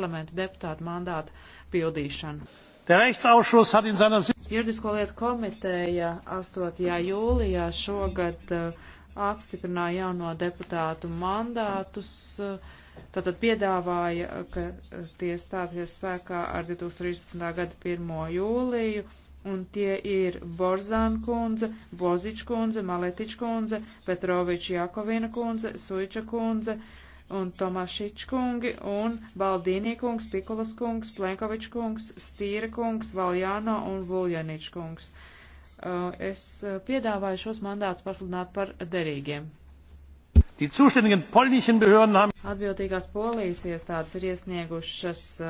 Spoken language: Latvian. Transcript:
parlamenta deputātu mandātu pildīšanu. Juridisko lietu komiteja 8. jūlijā šogad uh, apstiprināja jauno deputātu mandātus, uh, tātad piedāvāja, uh, ka tie stāsies spēkā ar 2013. gada 1. jūliju un tie ir Borzāna kundze, Bozič kundze, Maletič kundze, Petrovič Jakovina kundze, Suiča kundze, un Tomašič kungi un Baldīnī kungs, Pikulas kungs, Plenkovič kungs, Stīra kungs, Valjāno un Vuljanič kungs. Uh, es uh, piedāvāju šos mandātus pasludināt par derīgiem. Atbildīgās polijas iestādes ir iesniegušas uh,